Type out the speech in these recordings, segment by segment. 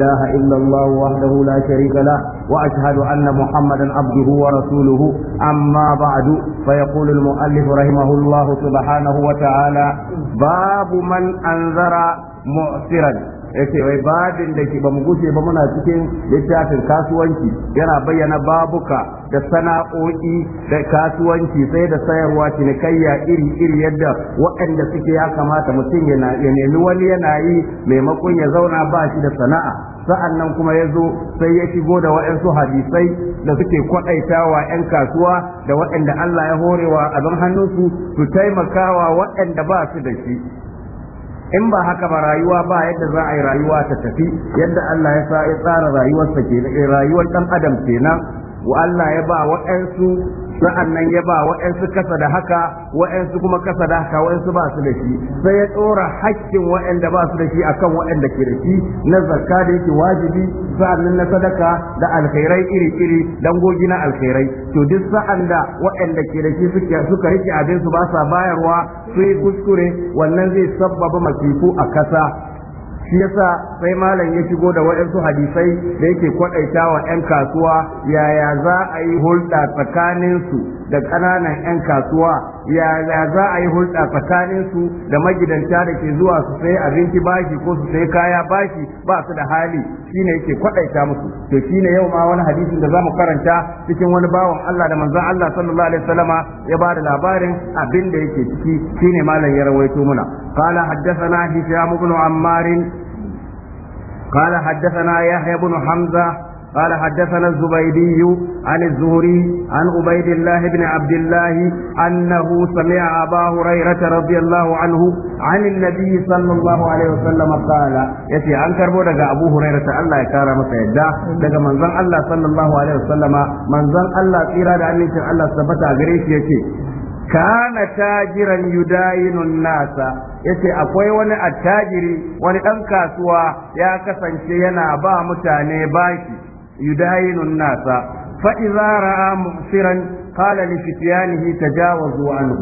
إله إلا الله وحده لا شريك له وأشهد أن محمدا عبده ورسوله أما بعد فيقول المؤلف رحمه الله سبحانه وتعالى باب من أنذر مؤثرا ce wai babin da ke bamu gushe ba muna cikin littafin kasuwanci yana bayyana babuka da sana'o'i da kasuwanci sai da sayarwa cinikayya iri iri yadda waɗanda suke ya kamata mutum ya nemi wani yana yi maimakon ya zauna ba shi da sana'a sa'an nan kuma ya zo sai ya shigo da waɗansu hadisai da suke kwaɗaitawa 'yan kasuwa da waɗanda Allah ya horewa a don hannunsu su taimakawa waɗanda ba su da shi in ba haka ba rayuwa ba yadda za a yi rayuwa ta tafi yadda Allah ya sa ya tsara rayuwarsa kenan eh, rayuwar dan adam kenan wa Allah ya ba waɗansu sa'annan ya ba wa'ansu kasa da haka wa'ansu kuma kasa da haka wa'ansu ba su da shi sai ya tsora haƙƙin wayanda ba su da shi a akan wayanda ke da shi na zakka da yake wajibi nan na sadaka da alkhairai iri-iri gogi na alkhairai to duk sa'an da ke da shi suka rike abin su ba sa bayarwa sai kuskure wannan zai sabbaba masifu a kasa shi yasa sai malam ya shigo da waɗansu hadisai da yake kwaɗaita wa 'yan kasuwa yaya za a yi hulɗa tsakaninsu da ƙananan 'yan kasuwa ya za a yi hulɗa tsakanin su da magidanta da ke zuwa su sayi abinci bashi ko su sayi kaya bashi ba su da hali shine yake kwadaita musu to shine yau ma wani hadisin da zamu karanta cikin wani bawan Allah da manzon Allah sallallahu alaihi wasallama ya ba da labarin abin da yake ciki shine malam ya rawaito muna qala haddathana hisham ibn ammar qala haddathana yahya ibn Hamza? قال حدثنا الزبيدي عن الزهري عن عبيد الله بن عبد الله أنه سمع أبا هريرة رضي الله عنه عن النبي صلى الله عليه وسلم قال يتي عن كربو دقى أبو هريرة الله يكارى مسعدة دقى منظر الله صلى الله عليه وسلم منظر الله إرادة أن الله ثبت أغريش يتي كان تاجرا yudayinun الناس yace akwai wani attajiri wani ɗan kasuwa ya kasance yana ba mutane bashi يداين الناس فإذا رأى مؤثرا قال لفتيانه تجاوزوا عنه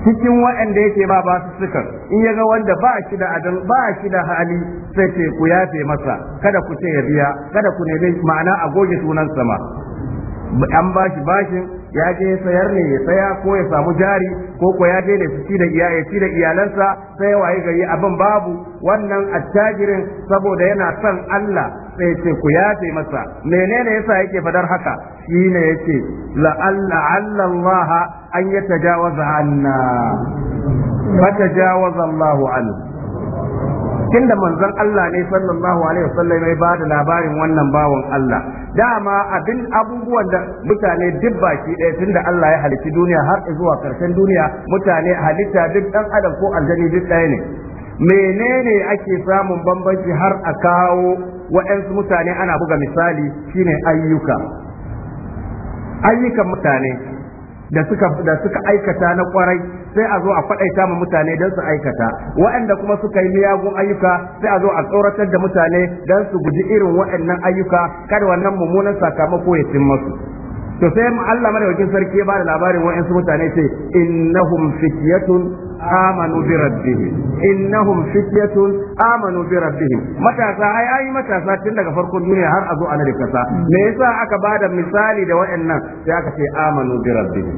cikin waɗanda yake ba ba su sukar in ya ga wanda ba shi da adal ba shi da hali sai ce ku yafe masa kada ku ce ya biya kada ku nemi ma'ana a goge sunan sama an ba shi bashin ya je sayar ne ya saya ko ya samu jari ko ko ya je da ci da iyaye ci da iyalansa sai waye gari abin babu wannan attajirin saboda yana son Allah sai ce ku yafe masa menene yasa yake fadar haka shine yace la'alla Allah an yatajawaza anna jawaza Allah anhu tunda manzon Allah ne sallallahu alaihi wasallam ya bada labarin wannan bawan Allah dama abin abubuwan da mutane duk baki ɗaya tunda Allah ya halitta duniya har zuwa karshen duniya mutane halitta duk dan adam ko aljani duk ɗaya ne menene ake samun bambanci har a kawo wa'yansu mutane ana buga misali shine ayyuka ayyukan mutane da suka aikata na kwarai sai a zo a faɗaita ma mutane don su aikata waɗanda kuma suka yi miyagun ayyuka sai a zo a tsoratar da mutane don su guji irin waɗannan ayyuka kada wannan mummunan sakamako ya cin masu to sai Allah madaukakin sarki ya ba da labarin waɗansu mutane ce innahum fityatun amanu bi rabbihim innahum fityatun amanu bi rabbihim matasa ai ai matasa tun daga farkon duniya har a zo a nadi kasa me yasa aka bada misali da wayannan sai aka ce amanu bi rabbihim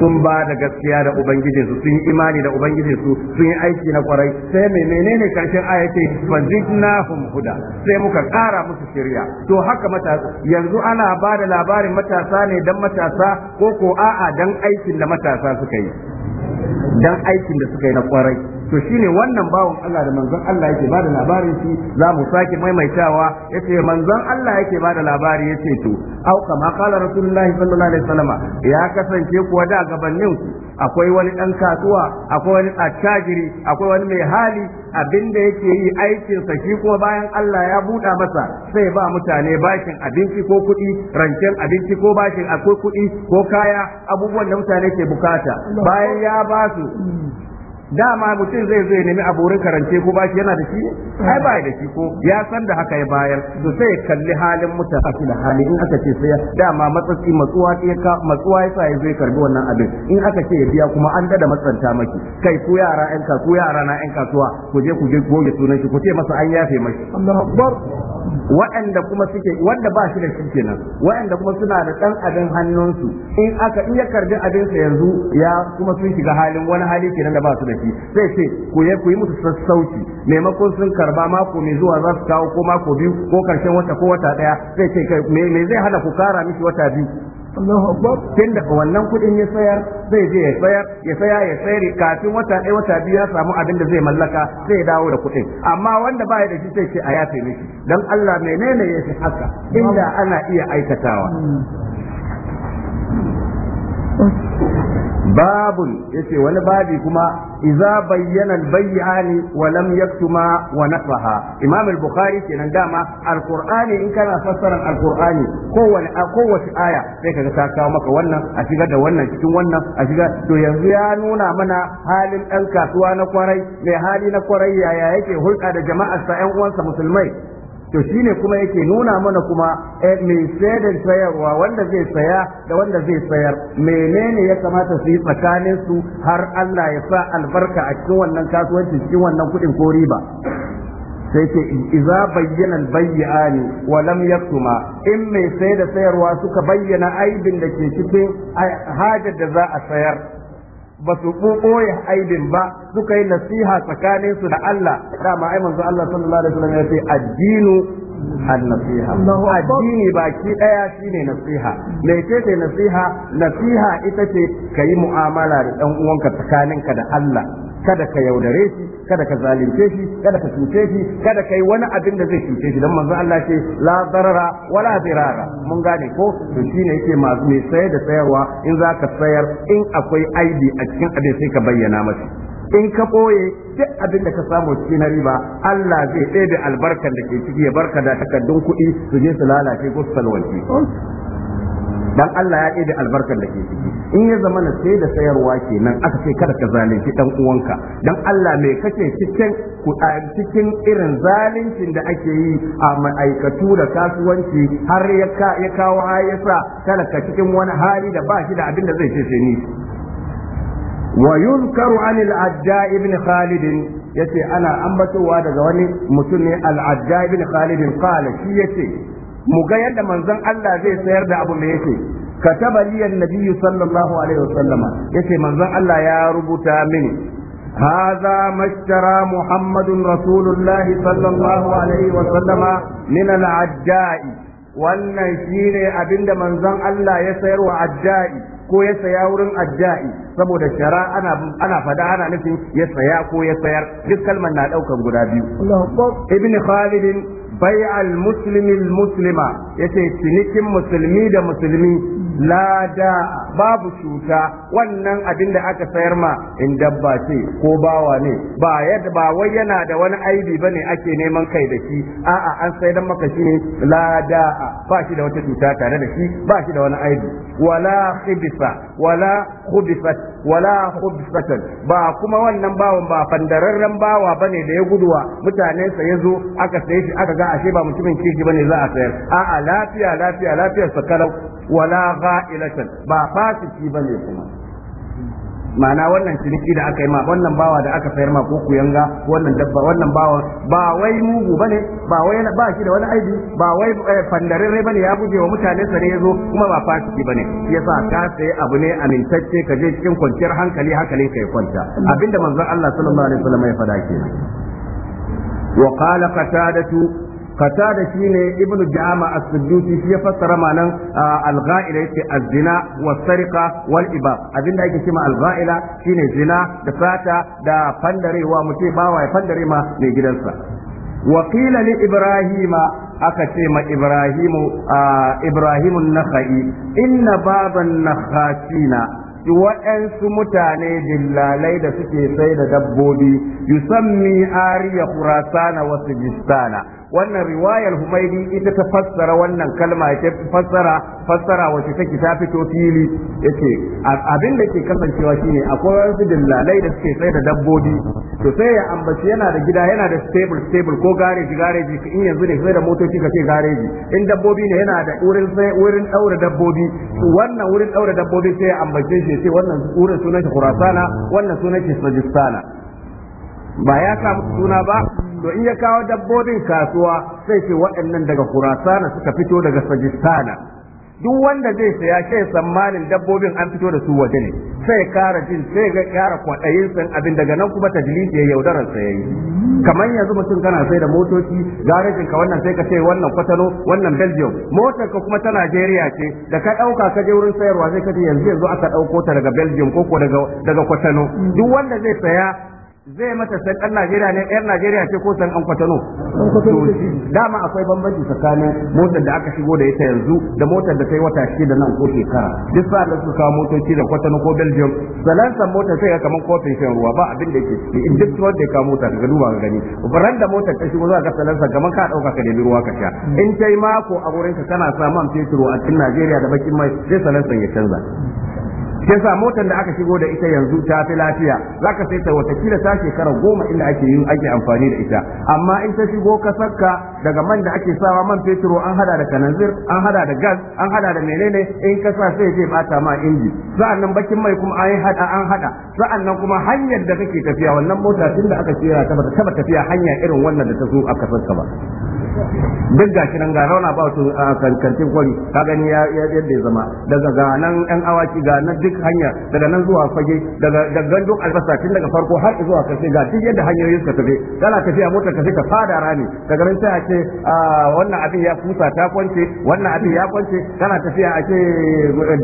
sun ba da gaskiya da ubangijinsu sun yi imani da ubangijinsu sun yi aiki na kwarai sai mai menene karshen aya ce fazidnahum huda sai muka kara musu shirya to haka matasa yanzu ana bada labarin matasa ne dan matasa ko ko a'a dan aikin da matasa suka yi dan aikin da suka yi na kwarai to shine wannan bawon Allah da manzon Allah yake bada labarin shi za mu sake maimaitawa yace manzon Allah yake bada labari yace to au kama qala rasulullahi sallallahu alaihi wasallama ya kasance kuwa da gabanin akwai wani dan kasuwa akwai wani attajiri akwai wani mai hali abinda yake yi aikin sa shi kuma bayan Allah ya buɗa masa sai ba mutane bashin abinci ko kuɗi rancen abinci ko bashin akwai kuɗi ko kaya abubuwan da mutane ke bukata bayan ya ba su mm. dama mutum zai zai nemi aborin karance ko bashi yana da shi ai ba da shi ko ya san da haka ya bayar to sai ya kalli halin mutum a da hali in aka ce sai dama matsatsi matsuwa ya ka matsuwa yasa ya zai karbi wannan abin in aka ce ya biya kuma an da matsanta maki kai ku yara ka kasuwa yara na ɗan kasuwa ku je ku je goge sunan shi ku ce masa an yafe mashi Allahu Akbar waɗanda kuma suke wanda ba shi da shi kenan waɗanda kuma suna da ɗan abin hannunsu in aka iya karbi abinsa yanzu ya kuma sun shiga halin wani hali kenan da ba su da shi lokaci sai ce ku yi ku yi musu sassauci maimakon sun karba mako mai zuwa za su kawo ko mako biyu ko karshen wata ko wata daya sai ce kai me zai hana ku kara mishi wata biyu Allahu Akbar daga wannan kuɗin ya sayar zai je ya sayar ya saya ya sayar kafin wata ɗaya wata biyu ya samu abin da zai mallaka zai dawo da kuɗin amma wanda ba ya da shi sai ce a yafe miki, dan Allah menene ya fi haka inda ana iya aikatawa hmm. babun yace wani babi kuma iza bayyana bayyani wa lam yaktuma wa nafaha imam al-bukhari kenan dama al in kana fassara al-qur'ani kowace kowace aya sai kaga ta kawo maka wannan a shiga da wannan cikin wannan a shiga to yanzu ya nuna mana halin dan kasuwa na kwarai mai hali na kwarai yaya yake hulɗa da jama'ar sa ƴan uwansa musulmai to ne kuma yake nuna mana kuma eh, mai sayar sayarwa wanda zai saya da wanda zai sayar menene ya kamata su yi tsakanin su har Allah ya sa albarka a cikin wannan kasuwanci cikin wannan kuɗin ko riba sai ce iza bayyana bayyani wa lam yaktuma in mai sayar da sayarwa suka bayyana aibin da ke cikin hajar da za a sayar ba su ya aibin ba suka yi nasiha tsakanin su da Allah dama ai manzo Allah sallallahu alaihi wasallam ya ce addinu an-nasiha addini baki daya shine nasiha me ce ce nasiha nasiha ita ce yi mu'amala da dan uwanka tsakaninka da Allah kada ka yaudare shi kada ka zalunce shi kada ka cuce shi kada kai wani abin da zai cuce shi dan manzo Allah ce la darara wala dirara mun gane ko to shine yake masu mai sayar da sayarwa in zaka sayar in akwai I.D a cikin abin sai ka bayyana masa in ka ɓoye duk abin da ka samu cikin riba Allah zai ɗebe albarkar da ke ciki ya barka da takardun kuɗi su je su lalace ko su salwanci dan Allah ya ɗebe albarkar da ke ciki in ya zama na sai da sayarwa kenan aka ce kada ka zalunci dan uwanka dan Allah mai kace cikin cikin irin zaluncin da ake yi a ma'aikatu da kasuwanci har ya kawo hayasa kada ka cikin wani hali da ba shi da abin da zai ce sai ni ويذكر anil adda ibn khalid yace ana ambatowa daga wani mutum ne adda Ibn khalid qala shi yace mu ga yadda manzon Allah zai sayar da abu me yake kataba liyan nabiyyu sallallahu alaihi wasallama yace manzon Allah ya rubuta mini هذا ما اشترى محمد رسول الله صلى الله عليه وسلم wannan shine abinda manzon Allah ya sayar wa ajja'i ko ya saya wurin ajja'i saboda shara ana ana fada ana nufin ya saya ko ya sayar duk kalman na daukan guda biyu ibn Khalid bai'al muslimi muslima yace cinikin musulmi da musulmi la da babu cuta wannan abin da aka sayar ma in dabba ce ko bawa ne ba yadda ba wai yana da wani aibi bane ake neman kai da shi a'a an sayar maka shi ne la da ba shi da wata cuta tare da shi ba shi da wani aibi wala khibisa wala wala ba kuma wannan bawan ba fandararren bawa bane da ya guduwa mutanen sa yazo aka saye shi aka ga ashe ba mutumin kirki bane za a sayar a'a lafiya lafiya lafiyar sa kalau wala gha'ilatan ba fasiki bane kuma ma'ana wannan ciniki da aka yi ma wannan bawa da aka sayar ma ko ku yanga wannan dabba wannan bawa ba wai mugu bane ba wai ba shi da wani aibi ba wai eh, fandararre bane ya guje wa mutane sare yazo kuma ba fasiki bane yasa ka sai abu ne amintacce ka je cikin kwanciyar hankali hankali kai kwanta abinda manzon Allah sallallahu alaihi wasallam ya fada kenan wa qala qatadatu shi shine ibnu jama as-siddusi shi ya fassara malan al-gha'ila yake az-zina was-sariqa wal-iba abinda ake cewa al-gha'ila shine zina da fata da fandarewa mutum bawa ya fandare ma mai gidansa ma Ibrahimu. أكتم إبراهيم آه inna Baban إن بعض النخاسين waɗansu mutane dillalai da suke sai da dabbobi yusammi ariya kurasana wasu jistana wannan riwayar humaidi ita ta fassara wannan kalma ta fassara fassara wacce take ta fito fili yace abin da ke kasancewa shine akwai wasu dillalai da suke tsaye da dabbobi to sai ya ambaci yana da gida yana da stable stable ko gareji gareji in yanzu ne sai da motoci ka ce gareji in dabbobi ne yana da wurin sai wurin daura dabbobi wannan wurin daura dabbobi sai ya ambace shi sai wannan wurin sunan shi Khurasana wannan sunan shi Sajistana ba ya samu suna ba to in ya kawo dabbobin kasuwa sai ce waɗannan daga kurasana suka fito daga sajistana duk wanda zai saya kai tsammanin dabbobin an fito da su waje ne sai kara jin sai ga kara kwaɗayin san abin daga nan kuma tajlis ya yaudarar sa kamar yanzu mutum kana sai da motoci garejin ka wannan sai ka ce wannan kwatano wannan belgium motar ka kuma ta najeriya ce da ka ɗauka ka je wurin sayarwa zai ka ji yanzu yanzu aka ɗauko ta daga belgium ko ko daga kwatano duk wanda zai saya zai mata san ɗan Najeriya ne yan Najeriya ce ko san an kwatano. Dama akwai bambanci tsakanin motar da aka shigo da ita yanzu da motar da ta yi wata shida nan ko shekara. Duk sa da suka motoci da kwatano ko Belgium, san motar sai ga kaman kofin shan ruwa ba abin da yake ciki. In duk wanda ya kawo mota ka duba ga gani. Baran da motar ta shigo za ka san kaman ka ɗauka ka nemi ruwa ka sha. In ta yi mako a wurinka kana sa man fetur a cikin Najeriya da bakin mai sai san ya canza. yasa motar da aka shigo da ita yanzu ta fi lafiya zaka sai ta watakila ta shekara goma inda ake yin ake amfani da ita amma in ta shigo ka daga man da ake sawa man fetur an hada da kananzir an hada da gas an hada da menene in ka sa sai zai bata ma inji sa'annan bakin mai kuma an hada an hada sa'annan kuma hanyar da kake tafiya wannan mota tun da aka tsira ta bata taba tafiya hanya irin wannan da ta zo aka sakka ba duk ga shi nan ga rauna ba su a kankantin kwari ka gani ya yadda ya zama daga ga nan yan awaki ga nan duk hanya daga nan zuwa fage daga gandun albasa tun daga farko har zuwa karshe ga duk yadda hanyoyin suka tafi kana tafiya motar ka ka fada rami daga nan sai a ce wannan abin ya kusa ta kwance wannan abin ya kwance kana tafiya a ce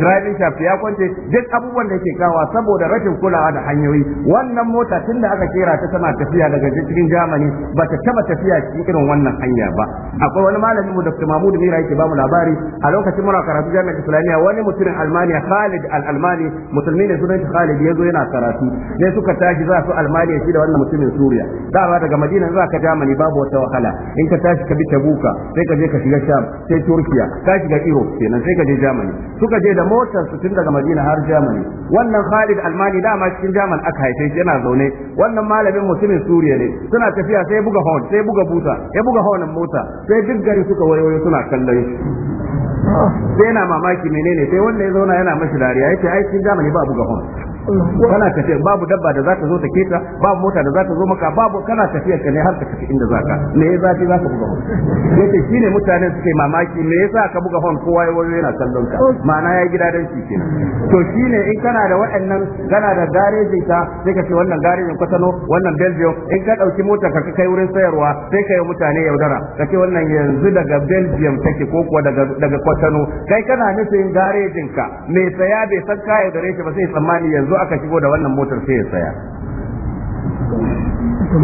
driving shaft ya kwance duk abubuwan da yake kawa saboda rashin kulawa da hanyoyi wannan mota tun da aka kera ta tana tafiya daga cikin Germany ba ta taba tafiya cikin irin wannan hanya ba ba akwai wani malamin mu Dr. Mahmud Mira yake ba mu labari a lokacin muna karatu jami'ar Islamiyya wani mutumin Almaniya Khalid Al-Almani musulmi ne sunan Khalid ya zo yana karatu sai suka tashi za su Almaniya shi da wannan mutumin Suriya dama daga Madina za ka jamani babu wata wahala in ka tashi ka bi Tabuka sai ka je ka shiga Sham sai Turkiya ka shiga Europe kenan sai ka je jamani. suka je da motar su tun daga Madina har jamani. wannan Khalid Almani dama cikin German aka haife shi yana zaune wannan malamin mutumin Suriya ne suna tafiya sai buga horn sai buga buta ya buga hornin mota masa sai duk suka wayoyo suna kallon shi sai yana mamaki menene sai wanda ya zauna yana mashi dariya yace ai kin zamani ba buga hon kana tafiya babu dabba da za zo ta keta babu mota da za zo maka babu kana tafiya ka ne har ka tafi inda zaka me yasa zafi za buga hon yace shine mutane suke mamaki me yasa ka buga hon kowa ya wayo yana kallon ka ma'ana ya gida dan shi kenan to shine in kana da waɗannan kana da garejin ka sai ka ce wannan garejin kwatano wannan belgium in ka dauki mota ka kai wurin sayarwa sai ka yi mutane yaudara ka ce wannan yanzu daga belgium take ko kuwa daga daga kwatano kai kana nufin garejin ka me saya bai san kaya yaudare shi ba sai tsammani yanzu zo aka shigo da wannan motar sai ya saya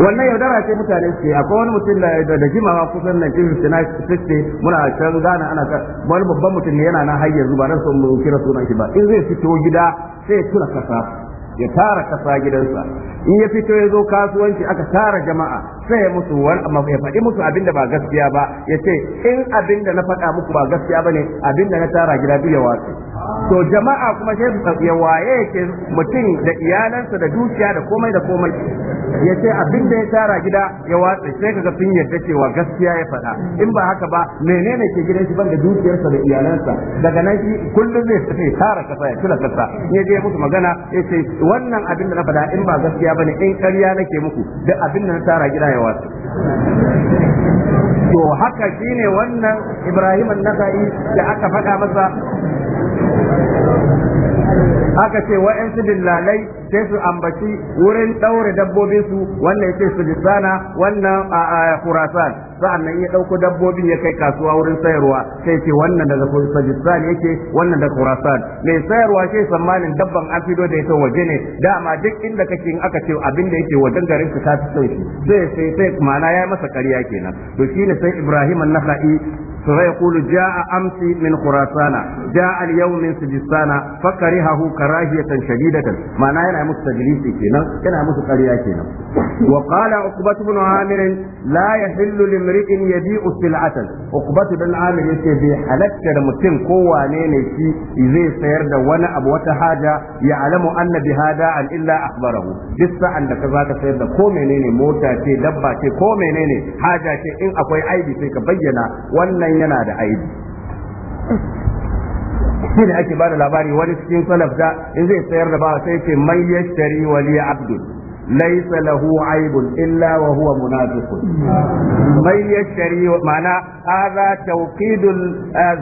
wannan yaudara ce mutane ce akwai wani mutum da jimawa kusan na 1960 muna can gana ana wani babban mutum ne yana na har zuba ba son mu kira sunan shi ba in zai fito gida sai ya tura kasa ya tara kasa gidansa in ya fito ya zo kasuwanci aka tara jama'a sai ya mutu amma ya faɗi musu abinda ba gaskiya ba ya ce in abinda na faɗa muku ba gaskiya ba ne abinda na tara gida duk ya watsu to jama'a kuma sai su ya waye mutum da iyalansa da dukiya da komai da komai ya ce abinda ya tara gida ya watsu sai kaga sun yarda cewa gaskiya ya faɗa in ba haka ba menene ke gidan shi ban da dukiyarsa da iyalansa daga nan shi kullum zai tafi tara kasa ya tuna kasa ya je musu magana ya ce wannan abinda na faɗa in ba gaskiya ba ne in ƙarya nake muku da abinda na tara gida ya shayarwa to haka shine wannan Ibrahim an da aka faɗa masa aka ce wa'ansu dillalai sai su ambaci wurin daure dabbobin su wannan su sujisana wannan khurasan sa'annan ya dauko dabbobin ya kai kasuwa wurin sayarwa sai ce wannan daga sajistan yake wannan daga khurasan mai sayarwa sai tsammanin dabban an fido da ita waje ne dama duk inda kake aka ce abin da yake wajen garin su ta fi son shi sai sai sai ma'ana ya masa ƙarya kenan to shine sai Ibrahim an-Nakhai فيقول جاء أمس من خراسان جاء اليوم من سجستان فكرهه كراهية شديدة معناه yana musu tajlisi kenan yana musu ƙarya kenan wa qala uqbatu ibn amir la yahillu limri'in yabi'u sil'atan uqbatu ibn amir yace bi halatta da mutum ko wane ne shi zai sayar da wani abu wata haja ya alamu anna bi hada an illa akhbarahu duk sa'an da ka zaka sayar da ko menene mota ce dabba ce ko menene haja ce in akwai aibi sai ka bayyana wannan yana da aibi shine ake bada labari wani cikin salaf da in zai sayar da bawa sai ce man yashtari wali abdul laysa lahu aibun illa wa huwa munafiqun man yashtari ma'ana hadha tawqidul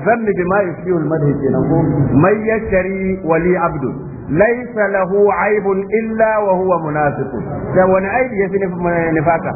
zanni eh, bima yushiru al-madhi kenan ko man yashtari wali abdul laysa lahu aibun illa wa huwa munafiqun da wani aibi yafi nifaka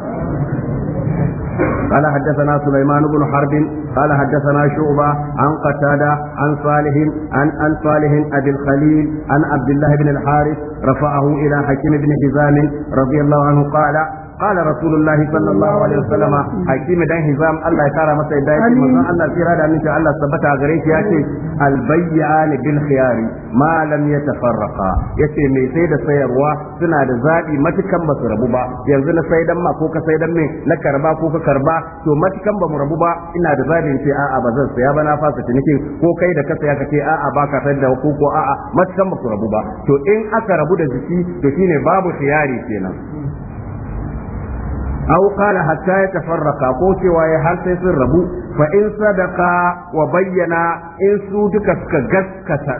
قال حدثنا سليمان بن حرب قال حدثنا شعبة عن قتادة عن صالح عن عن صالح أبي الخليل عن عبد الله بن الحارث رفعه إلى حكيم بن حزام رضي الله عنه قال qala rasulullahi sallallahu alaihi wasallam hakimi dan hizam Allah ya kara masa yadda yake manzon Allah tsira da aminci Allah tabbata gare shi yace al bayyan bil khiyari ma lam yatafarraqa yace mai sai da sayarwa suna da zabi matukan basu rabu ba yanzu na sai dan ma ko ka sai dan me na karba ko ka karba to matukan ba mu rabu ba ina da zabin ce a'a ba zan saya ba na fasa cinikin ko kai da ka saya ka ce a'a ba ka sayar ko ko a'a matukan ba ku rabu ba to in aka rabu da jiki to shine babu khiyari kenan aw qala ya yatafarraqa ko cewa ya har sai sun rabu fa in sadaka wa bayyana in su duka suka gaskata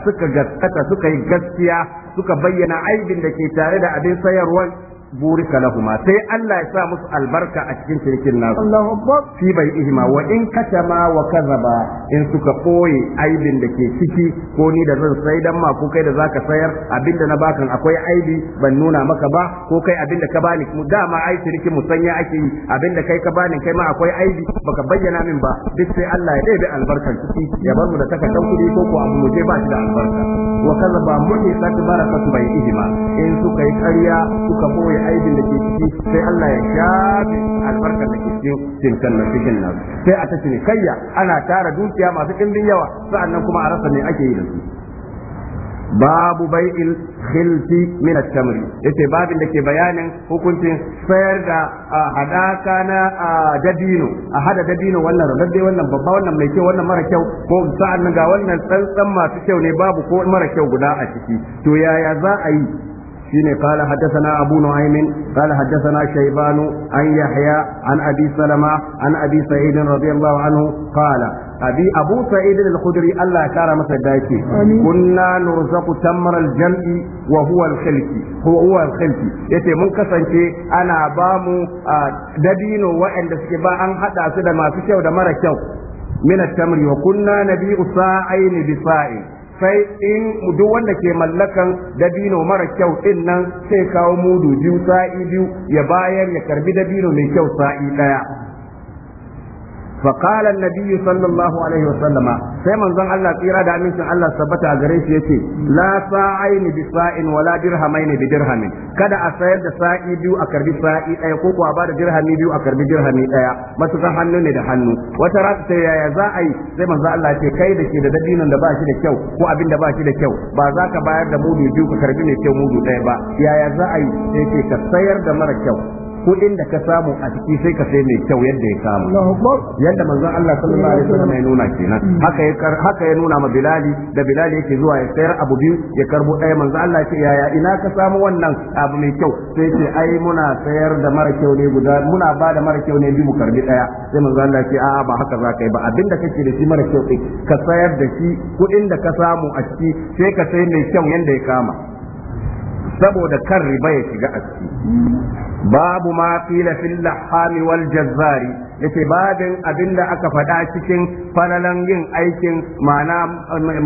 suka yi gaskiya suka bayyana aibin da ke tare da abin sayarwa. Buri lahuma sai Allah ya sa musu albarka a cikin cinikin nasu Allahu akbar fi bai ihma wa in katama wa kazaba in suka koyi aibin da ke ciki ko ni da zan sai dan ma ko kai da zaka sayar abinda na bakan akwai aibi ban nuna maka ba ko kai abinda ka bani mu dama ai cinikin musanya ake yi abinda kai ka bani kai ma akwai aibi baka bayyana min ba duk sai Allah ya ɗebe albarkar ciki ya bar mu da takardar kuɗi ko ko abu mu je ba shi da albarka wa kazaba muhiqat barakatu bai ihma in suka yi ƙarya suka boye aibin da ke ciki sai Allah ya shafe albarkar da ke cikin cinkan na cikin nan sai a ta kayya ana tara dukiya masu ɗimbin yawa sa'annan kuma a rasa me ake yi da su babu bai'il khilfi min at-tamr yace babin da ke bayanin hukuncin sayar da hadaka na Dadino, a hada Dadino wannan radadde wannan babba wannan mai kyau wannan mara kyau ko sa'an ga wannan tsantsan masu kyau ne babu ko mara kyau guda a ciki to yaya za a yi shine qala haddathana abu nu'aym qala haddathana shayban an yahya an abi salama an abi sa'id radiyallahu anhu qala abi abu sa'id al-khudri Allah ya kara masa dace kunna nurzaqu tamar al-jam'i wa huwa al-khilqi huwa al-khilqi mun kasance ana ba mu dabino wa'anda suke ban an hada su da masu kyau da mara kyau min at kunna nabi'u sa'aini bi sa'in sai in duk wanda ke mallakan dabino mara kyau din nan sai kawo mudu biyu sa'i biyu ya bayar ya karbi dabino mai kyau sa'i daya فقال النبي صلى الله عليه وسلم سيما زن الله تيرا دا من الله ثبت غريش يتي لا ساعين بساع ولا درهمين بدرهم kada a sayar da sa'i biyu a karbi sa'i ɗaya ko kuwa ba da dirhami biyu a karbi dirhami ɗaya matukan hannu ne da hannu wata rata ta yaya za a yi sai manzo Allah ce kai da ke da dabinan da ba shi da kyau ko abin da ba shi da kyau ba za ka bayar da mudu biyu ka karbi ne kyau mudu ɗaya ba yaya za a yi sai ce ka sayar da mara kyau kudin da ka samu a ciki sai ka sai mai kyau yadda ya samu yadda manzon Allah sallallahu alaihi wasallam ya nuna kenan mm. haka ya haka ya nuna ma Bilali da Bilali yake zuwa ya sayar abu biyu ya karbo ɗaya manzon Allah ce yaya ina ka samu wannan abu mai kyau sai ce ai muna sayar da mara kyau ne guda muna ba da mara kyau ne bi mu karbi ɗaya sai manzon Allah ce a'a ba haka za ka yi ba abinda kake da shi mara kyau ka sayar da shi kudin da ka samu a ciki sai ka sai mai kyau yadda ya kama saboda kan riba ya shiga a ciki babu ma fila fil lahami wal jazzari yace babin abinda aka faɗa cikin falalan yin aikin ma'ana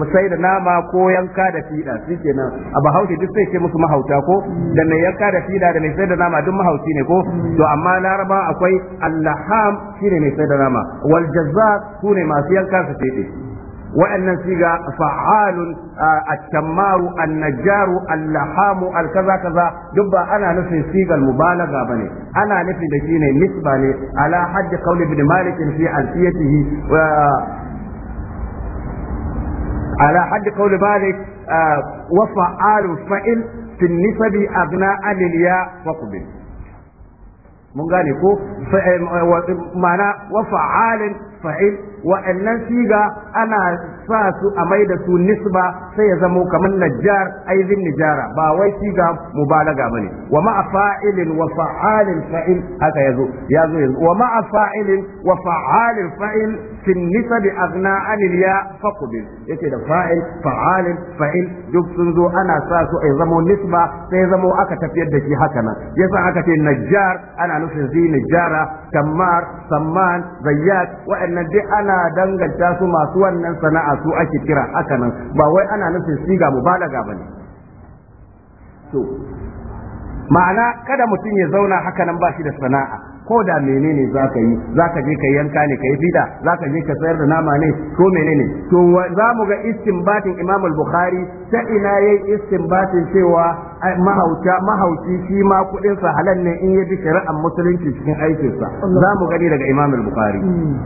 musai eh, da nama ko yanka da fida nan a bahaushe duk sai ke musu mahauta ko da mai yanka da fida da mai sai da nama duk mahauci ne ko to amma laraba akwai allaham shine mai sai da nama wal jazzar sune masu yanka su fede وان سيغا فعال آه، التمار النجار اللحام الكذا كذا دبا انا نفي سيغا المبالغه بني انا نفي دجين نسبه لي على حد قول ابن مالك في الفيته و على حد قول مالك آه، وفعال فعل في النسب ابناء الياء فقبل mun gane ko eh, eh, mana wa fa'alin fa'il wa'annan siga ana sa su a mai da su nisba sai ya zamo kamar najjar aizin nijara ba wai siga mubalaga bane wa ma'a fa'ilin wa fa'alin fa'il haka yazo yazo wa ma'a fa'ilin wa fa'alin fa'il في النسب أغنى عن الياء فقبل يتي فاعل فعال فإن دب سنزو أنا ساسو يزمو نسبة سيزمو أكا تفيد دكي حكنا يسا أكا النجار أنا نفس زي نجارة كمار سمان زيات وأن دي أنا دنجل تاسو ما سوى أن صنع سوء كتيرا حكنا باوي أنا نفس سيغا مبالغة بني ma'ana kada mutum ya zauna haka nan ba shi da sana'a ko da menene za ka yi za ka je ka yanka ne ka yi fida za ka je ka sayar da nama ne ko menene to za mu ga istinbatin imam al-bukhari ta ina yayi istinbatin cewa mahauta mahauci shi ma kudin sa halal ne in ya bi shari'ar musulunci cikin aikinsa za mu gani daga imam al-bukhari hmm.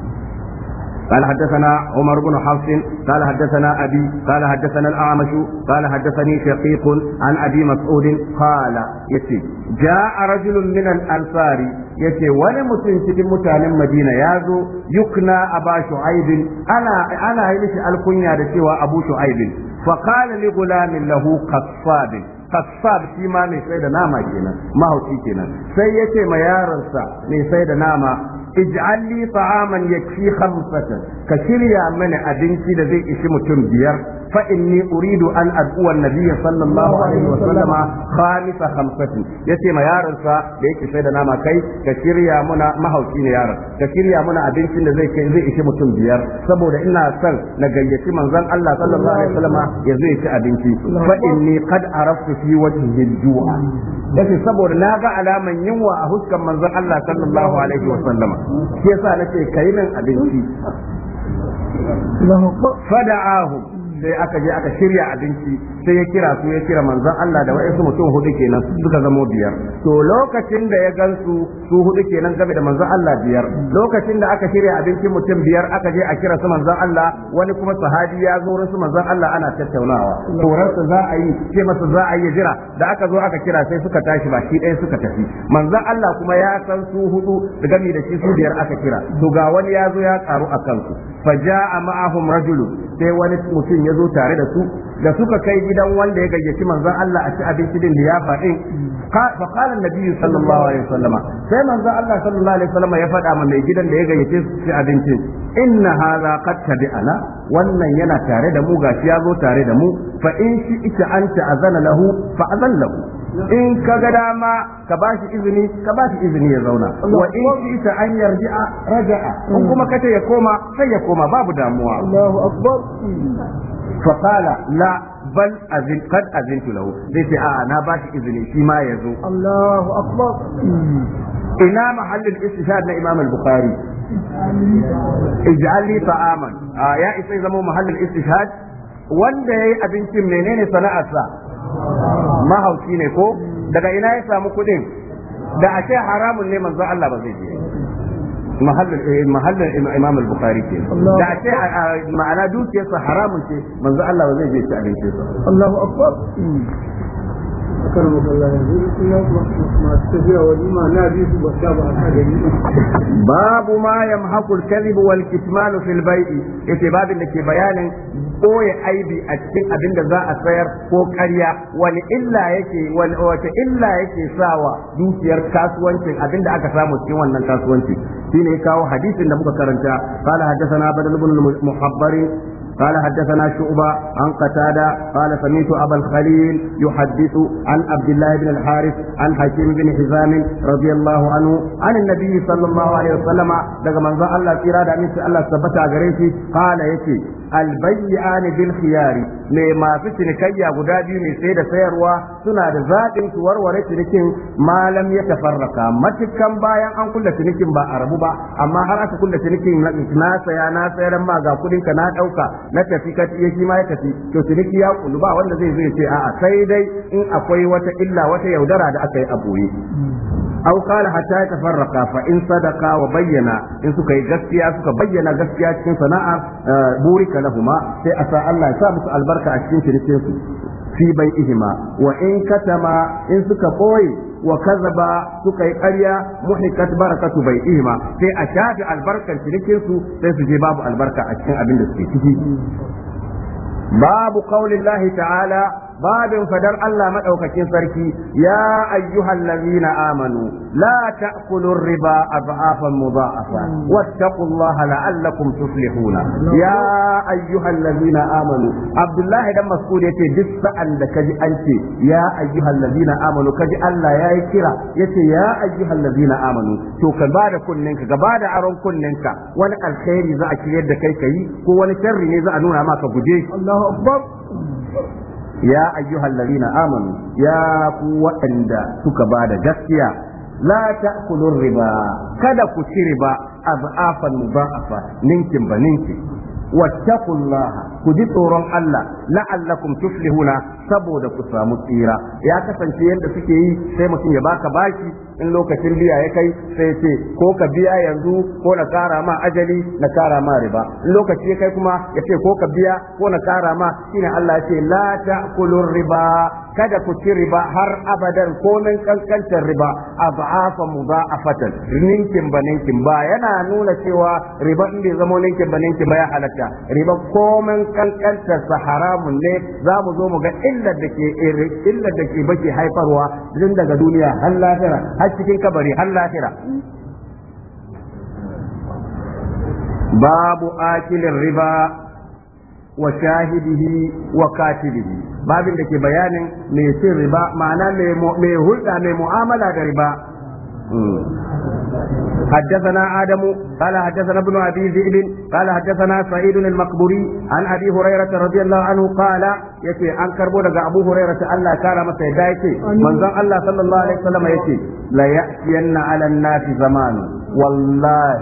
قال حدثنا عمر بن حفص قال حدثنا أبي قال حدثنا الأعمش قال حدثني شقيق عن أبي مسعود قال يتي جاء رجل من الأنصار يتي ولم تنسك متان مدينة يازو يكنى أبا شعيب أنا أنا هيمش الكنيا سوى أبو شعيب فقال لغلام له قصاب قصاب shi ma mai sai da nama kenan mahauci kenan sai ya ce ma yaronsa mai sai da nama ij'al li ta'aman yakfi khamsatan ka shirya mana abinci da zai ishi mutum biyar fa inni uridu an ad'uwa nabiyya sallallahu alaihi wa sallama khamisa khamsatin yace ma yaransa da yake sai da nama kai ka shirya muna mahauki ne yaron ka shirya muna abincin da zai kai zai ishi mutum biyar saboda ina son na gayyaci manzon Allah sallallahu alaihi wa sallama ya zai ci abinci fa inni qad araftu fi wajhi al-ju'a yace saboda na ga alaman yunwa a huskan manzon Allah sallallahu alaihi wa sallama shi yasa nace kai nan abinci fada'ahum sai aka je aka shirya abinci sai ya kira su ya kira manzon Allah da wa'ansu mutum hudu kenan suka zamo biyar to lokacin da ya gansu su hudu kenan game da manzon Allah biyar lokacin da aka shirya abincin mutum biyar aka je a kira su manzon Allah wani kuma sahabi ya zo su manzon Allah ana tattaunawa tsoron za a yi ce masa za a yi jira da aka zo aka kira sai suka tashi ba shi ɗaya suka tafi manzon Allah kuma ya san su hudu da gami da shi su biyar aka kira to ga wani ya zo ya karu a kansu fa ja'a ma'ahum rajulun sai wani mutum ya zo tare da su da suka kai gidan wanda ya gayyaci manzon Allah a ci abinci din liyafa din fa qala annabi sallallahu alaihi wasallam sai manzon Allah sallallahu alaihi wasallam ya faɗa ma mai gidan da ya gayyace su ci abinci inna hadha qad tabi'ana wannan yana tare da mu gashi ya zo tare da mu fa in shi ita anta azana lahu fa azan lahu in ka ga dama ka ba shi izini ka ba shi izini ya zauna wa in ka ta an yarji'a raja'a in kuma kace ya koma sai ya koma babu damuwa Allahu akbar fa qala la bal azin kad azintu lahu zai ce a'a na ba shi izini shi ma ya zo Allahu akbar ina mahallin istishhad na Imam al-Bukhari ij'al li ta'aman ah, ya isa zama mahallin istishhad wanda yayi abincin menene sana'arsa mahauci ne ko daga ina ya samu kuɗin da a ce haramun ne manzo Allah ba zai je mahallin eh, mahallin Imam al-Bukhari ke da a ce ma'ana dukiyarsa haramun ce manzo Allah ba zai je ci abincin sa Allahu akbar babu ma yamhaqu al-kadhib wal kitman fi al-bay' itibabin da ke bayanin boye aibi a cikin abin da za a sayar ko karya wani illa yake wani wace illa yake sawa dukiyar kasuwancin abin da aka samu cikin wannan kasuwanci shine ya kawo hadisin da muka karanta qala haddathana badal ibn muhabbar قال حدثنا شعبة عن قتادة قال سمعت أبا الخليل يحدث عن عبد الله بن الحارث عن حكيم بن حزام رضي الله عنه عن النبي صلى الله عليه وسلم دقى من الله في رادة الله ثبت قال يكي albayyani bil khiyari me masu cinikayya guda biyu ne sai da sayarwa suna da zaɓin su warware cinikin malam ya tafarraka matukan bayan an kulla cinikin ba a rabu ba amma har aka kulla cinikin na saya na sayar ma ga kudin ka na ɗauka na tafi ka ya shi ma ya tafi to ciniki ya kullu ba wanda zai zo ce a'a sai dai in akwai wata illa wata yaudara da aka yi a boye aw qala hatta yatafarraqa fa in wa bayyana in suka yi gaskiya suka bayyana gaskiya cikin sana'a eh, buri lahuma sai asa Allah ya sa musu albarka a cikin cinikin su fi bai'ihima wa in katama in suka koyi wa kazaba suka yi ƙarya muhikat barakatu bai ihima sai a shafi albarkar cinikin su sai su je babu albarka a cikin abin da suke ciki babu qaulillahi ta'ala babin fadar Allah maɗaukacin sarki ya ayyuhal ladina amanu la ta'kulu riba adhafan mudha'afa wattaqullaha la'allakum tuflihuna ya ayyuhal ladina amanu Abdullah dan Mas'ud yace duk sa'an da kaji an ce ya ayyuhal ladina amanu kaji Allah yayi kira yace ya ayyuhal ladina amanu to ka bada kunninka ka bada aron kunninka wani alkhairi za a kiryar da kai kai ko wani sharri ne za a nuna maka guje Allahu akbar ya ayyuhal ladina amanu ya ku waɗanda suka ba da gaskiya la ta'kulur riba kada ku ci riba azafan mudafa ninkin ba ninkin wattaqullaha ku ji tsoron Allah la'allakum tuflihuna saboda ku samu tsira ya kasance yadda suke yi sai mutum ya baka baki in lokacin biya ya kai sai ce ko ka biya yanzu ko na kara ma ajali na kara ma riba in lokaci ya kai kuma ya ce ko ka biya ko na kara ma shine Allah ya ce la ta'kulur riba kada ku ci riba har abadan nan kankantar riba abafa mudha'afatan ninkin ba ninkin ba yana nuna cewa riba in zama ninkin ba ninkin ba ya halatta riba komai. kankantar sa haramun ne za mu zo mu ga illar da ke illar da ke haifarwa din daga duniya har lahira har cikin kabari har lahira babu akilin riba wa shahidihi wa katibihi babin da ke bayanin mai cin riba ma'ana mai hulɗa mai mu'amala da riba حدثنا آدم قال حدثنا ابن أبي ذئب قال حدثنا سعيد المقبري عن أبي هريرة رضي الله عنه قال يكي عن كربو أبو هريرة لا كان مسيدا يتي من ذا الله صلى الله عليه وسلم يكي لا يأتين على الناس زمان والله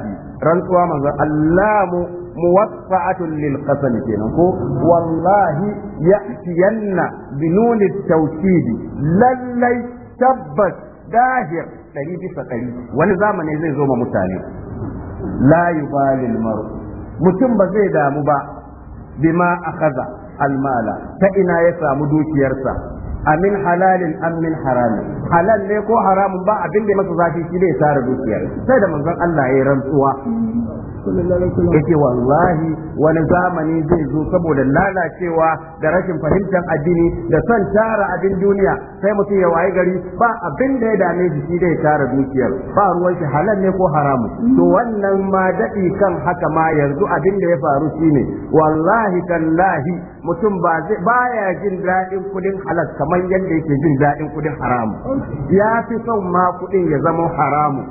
رنسوا من ذا الله موفعة للقسم كينكو والله يأتين بنون التوكيد للي تبت داهر ɗari bisa ɗari wani zamani zai zo ma mutane la yubalil maru mutum ba zai damu ba bima akaza almala ta ina ya samu dukiyarsa amin halalin amin haramin halal ne ko haramun ba abin da masa zafi shi ne tsara dukiyar sai da manzon Allah ya rantsuwa yake wallahi wani zamani zai zo saboda lalacewa da rashin fahimtar addini da son tara abin duniya sai mutum ya waye gari ba abin da ya dame shi shi ne tara dukiyar ba ruwan shi halal ne ko haramun to wannan ma daɗi kan haka ma yanzu abin da ya faru shine wallahi lahi mutum ba baya jin daɗin kudin halal kamar yadda yake jin daɗin kuɗin haramu ya fi son ma kuɗin ya zama haramu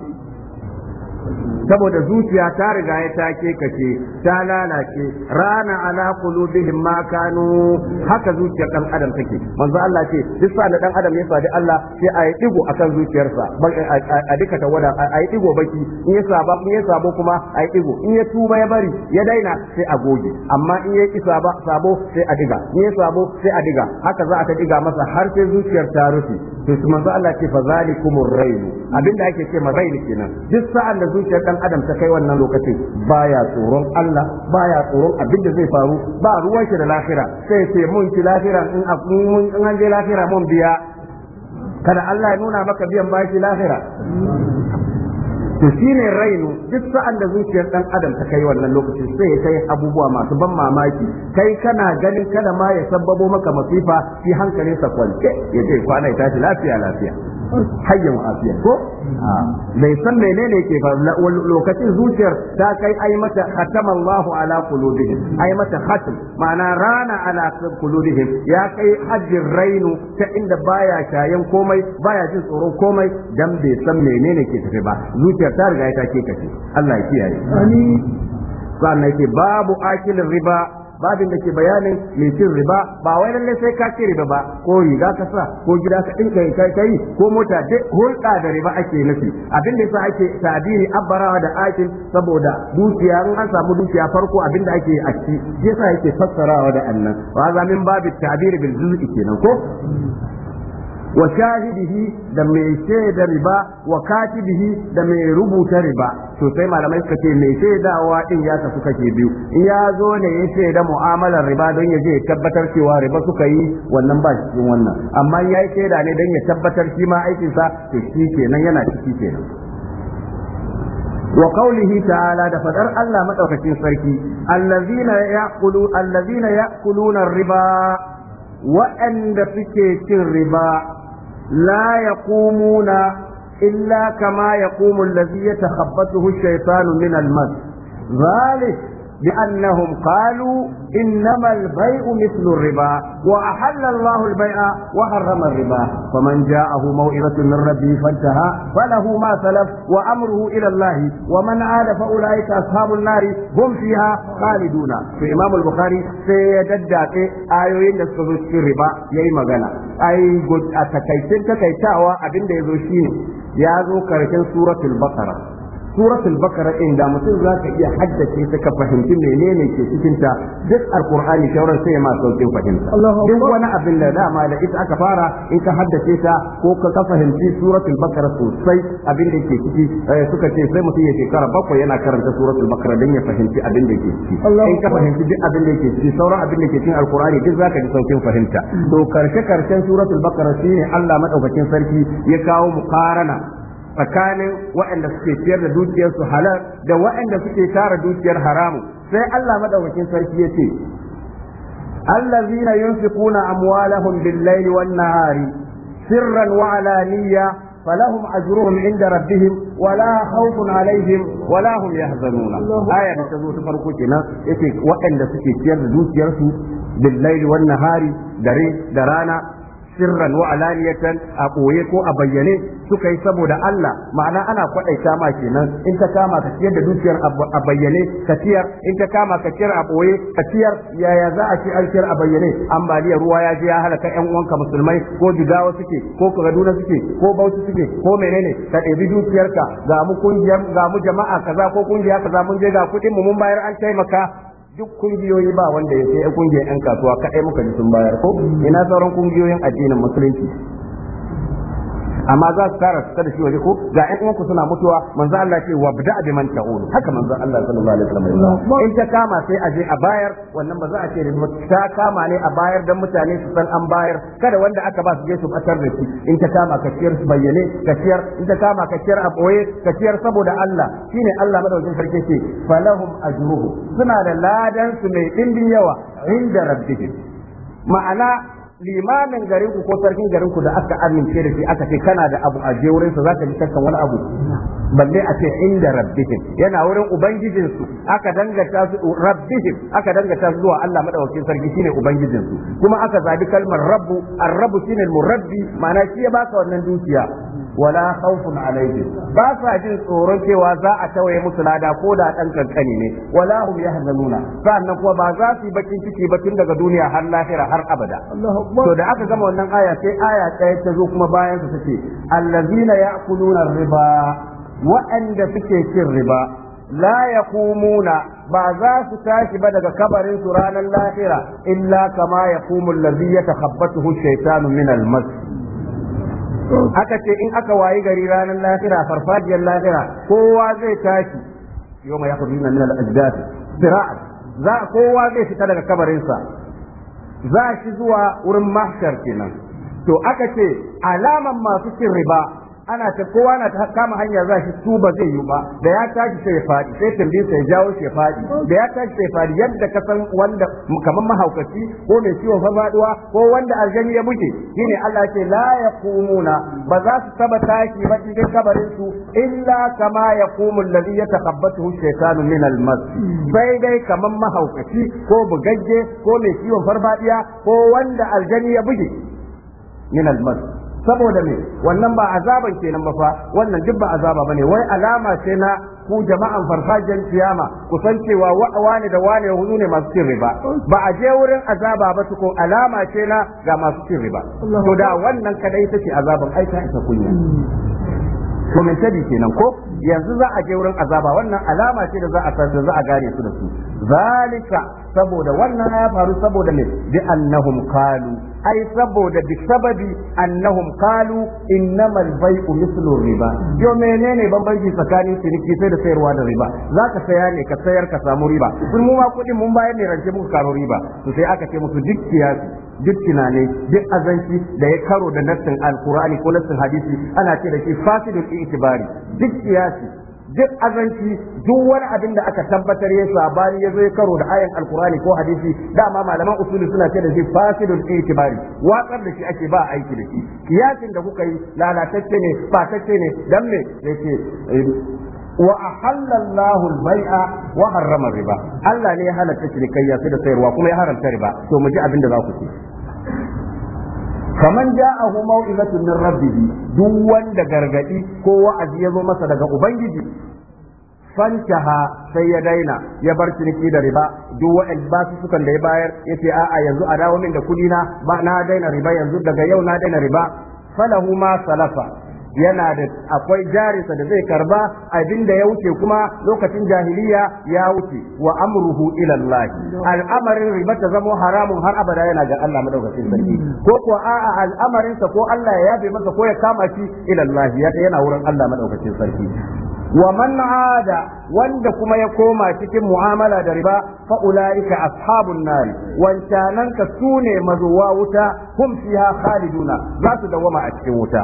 saboda zuciya ta riga ya take kace ta lalace rana ala qulubihim ma kanu haka zuciyar dan adam take manzo Allah ce duk sa da dan adam ya sadi Allah sai a yi digo akan zuciyarsa a duka a yi digo baki in ya saba in ya sabo kuma a yi digo in ya tuba ya bari ya daina sai a goge amma in ya ki saba sabo sai a diga in ya sabo sai a diga haka za a ta diga masa har sai zuciyar ta rufe to manzo Allah ce fa zalikumur rayn abinda ake ce ma rainu kenan duk sa'an da zuciyar dan adam ta kai wannan lokaci baya tsoron Allah baya tsoron abin da zai faru ba ruwan shi da lafira sai ce mun ci lafira in mun in an je lafira mun biya kada Allah ya nuna maka biyan bashi lafira. to shine rainu duk sa'an da zuciyar dan adam ta kai wannan lokaci sai ya kai abubuwa masu ban mamaki kai kana ganin kada ma ya sababo maka masifa shi hankalin sa kwance ya ce kwana ya tashi lafiya lafiya hayyan afiya ko ah. bai san menene ke fa lokacin zuciyar ta kai ai mata khatama Allahu ala qulubihim ai mata khatam ma'ana rana ala qulubihim ya kai hajjin rainu ta inda baya shayen komai baya jin tsoron komai dan bai san menene ke tafi ba zuciyar zuciyar ta riga ta ke ce, Allah ya kiyaye amin sannan babu akil riba babin da ke bayanin mai cin riba ba wai lalle sai ka ci riba ba ko riga ka sa ko gida ka dinka kai kai ko mota duk hulɗa da riba ake nufi abin da yasa ake tabiri abbarawa da akil saboda dukiya in an samu dukiya farko abin da ake a ci yasa yake fassarawa da annan wa zamin babu tabiri bil juz'i kenan ko wa shahidihi da mai shaida riba wa katibihi da mai rubuta riba to sai malamai suka ce mai shaidawa din ya kasu kake biyu in ya zo ne ya shaida mu'amalar riba don ya je ya tabbatar cewa riba suka yi wannan ba cikin wannan amma ya yi shaida ne don ya tabbatar shi ma aikinsa to shi kenan yana ciki kenan وقوله تعالى دفتر الله Allah سركي الذين يأكلون الذين يأكلون riba waɗanda suke cin riba لا يقومون إلا كما يقوم الذي يتخبطه الشيطان من المس ذلك بأنهم قالوا إنما البيع مثل الربا وأحل الله البيع وحرم الربا فمن جاءه موعظة من ربه فانتهى فله ما سلف وأمره إلى الله ومن عاد فأولئك أصحاب النار هم فيها خالدون في إمام البخاري سيددات آيوين نسكتوا الربا يأي مغانا أي قد أتكيتين تكيتاوا أبين ديزوشين يازو كاركين سورة البقرة suratul bakara inda mutum za ka iya haddace ta ka fahimci menene ke cikin ta duk alqur'ani shauran sai ma saukin fahimta duk wani abin da dama da ita aka fara in ka haddace ta ko ka fahimci suratul bakara sosai abin da ke ciki eh, suka ce sai mutum ya shekara bakwai yana karanta suratul bakara dan ya fahimci abin da ke ciki in ka fahimci duk abin da ke ciki sauran abin da ke cikin alqur'ani duk zaka ji saukin fahimta to karshe karshen suratul bakara shine Allah madaukakin sarki ya kawo mukarana tsakanin waɗanda suke ciyar da dukiyarsu halar da waɗanda suke tara dukiyar haramu sai Allah madaukakin sarki ya ce Allah allazina yunfiquna amwalahum billayli wan nahari sirran wa alaniya falahum ajruhum inda rabbihim wala khawfun alaihim wala hum yahzanuna aya da ta zo ta farko kenan yace waɗanda suke ciyar da dukiyarsu billayli wan nahari dare da rana sirran wa alaniyatan a boye ko a bayyane suka yi saboda Allah ma'ana ana kwadaita ma kenan in ta kama ka ciyar da dukiyar a bayyane ka ciyar in ta kama ka ciyar a boye ka ciyar yaya za a ci an ciyar a bayyane ambaliyar ruwa ya je ya halaka yan uwanka musulmai ko jigawa suke ko kaduna suke ko bauchi suke ko menene ka ɗebi dukiyarka ga mu kungiyar ga mu jama'a kaza ko kungiya kaza mun je ga kuɗin mu mun bayar an taimaka duk kungiyoyi ba wanda ya sai kungiyar 'yan kasuwa kaɗai muka ji sun bayar ko ina sauran kungiyoyin addinin musulunci amma za su tara suka da shi waje ko ga ɗan uwanku suna mutuwa manzo Allah ce wa bida bi man ta'ulu haka manzo Allah sallallahu alaihi wasallam in ta kama sai a je a bayar wannan ba za a ce ta kama ne a bayar dan mutane su san an bayar kada wanda aka ba su je su batar da shi in ta kama ka su bayyane kaciyar in ta kama kaciyar aboye, a boye ka saboda Allah shine Allah madaukin sarki ce falahum ajruhu suna da ladan su mai ɗindin yawa inda rabbihim ma'ana limamin garin ku ko sarkin garin ku da aka amince da shi aka ce kana da abu a je wurin sa zaka ji sakan wani abu balle a ce inda rabbihim yana wurin ubangijin su aka dangata su rabbihim aka dangata su zuwa Allah madaukakin sarki shine ubangijin su kuma aka zabi kalmar rabbu ar-rabbu shine al-murabbi ma'ana shi ya baka wannan dukiya wala khawfun alaihim ba sa jin tsoron cewa za a tawaye musu lada ko da ɗan kankani ne wala hum yahzanuna sannan kuma ba za su bakin ciki ba tun daga duniya har lahira har abada to da aka zama wannan aya sai aya ɗaya ta zo kuma bayan su take allazina ya'kuluna riba waɗanda suke cin riba la yaqumuna ba za su tashi ba daga kabarin su ranar lahira illa kama yaqumul ladhi yatakhabbathu ash-shaytanu min al aka ce in aka wayi gari ranar lahira farfajiyar lahira kowa zai tashi yau mai yakubu nuna al-ajdath sira'at za kowa zai fita daga kabarinsa za shi zuwa wurin mahshar kenan to aka ce alaman masu cin riba ana ta kowa na ta kama hanya za shi su zai yi ba da ya tashi sai ya sai tambi sai jawo shi ya da ya tashi sai ya yadda ka san wanda kamar mahaukaci ko mai ciwon farfaduwa ko wanda aljani ya buge shine Allah ce la yaqumuna ba za su taba tashi ba cikin kabarin su illa kama yaqumu alladhi yatakabbathu shaytanu min almas sai dai kamar mahaukaci ko bugagge ko mai ciwon farfadiya ko wanda aljani ya buge min almas saboda me wannan ba azaban kenan ba fa wannan duk ba azaba bane wai alama ce na ku jama'an farfajiyar kiyama ku san cewa wani da wani huzu ne masu cin riba ba a je wurin azaba ba ko alama ce na ga masu cin riba to da wannan kadai take azaban aika ita kunya tabi kenan ko yanzu za a je wurin azaba wannan alama ce da za a san za a gare su da su zalika saboda wannan ya faru saboda ne bi annahum qalu ai saboda bi sababi annahum qalu innamal bai'u mislu riba yo menene bambanci tsakanin ciniki sai da sayarwa da riba zaka saya ne ka sayar ka samu riba sun mu ma kudin mun bayar ne rance muka karo riba to sai aka ce musu duk kiyasi duk tunani duk azanci da ya karo da nassin alqur'ani ko nassin hadisi ana ce da shi fasidul itibari duk kiyasi duk azanci duk wani abin da aka tabbatar ya sabani ya zo ya karo da ayan alkurani ko hadisi dama malaman usuli suna ce da shi fasidul itibari watsar da shi ake ba aiki da shi kiyasin da kuka yi lalatacce ne fatacce ne dan me yake eh, wa ahalla Allahu al-bai'a wa harrama riba Allah ne ya halatta cinikayya sai da sayarwa kuma ya haramta riba to mu ji abin da za ku ci faman ja'ahu mau'izatun min rabbih duk wanda gargadi ko wa'azi ya zo masa daga ubangiji fantaha sai ya daina ya bar ciniki da riba duk wa'in ba su da ya bayar yace a'a yanzu a dawo min da kudi na ba na daina riba yanzu daga yau na daina riba falahu ma salafa yana da akwai jarinsa da zai karba abin da ya wuce kuma lokacin jahiliya ya wuce wa amruhu ila Allah al'amarin riba ta zama haramun har abada yana ga Allah madaukakin sarki ko ko a'a al'amarin sa ko Allah ya yabe masa ko ya kama shi ila Allah yana wurin Allah madaukakin sarki wa man ada wanda kuma ya koma cikin mu'amala da riba fa ashabun nari wancanan sune mazowa wuta hum Khalidu na, za su dawama a cikin wuta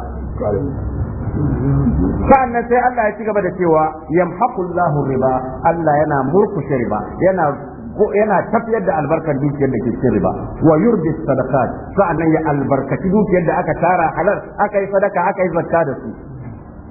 sa'annan sai Allah ya ci gaba da cewa yamhaqullahu riba Allah yana murkushe riba yana yana tafiyar da albarkar dukiyar da ke cikin riba wa yurdi sadaqat sa'annan ya albarkaci dukiyar da aka tara halar, aka yi sadaka aka yi zakka da su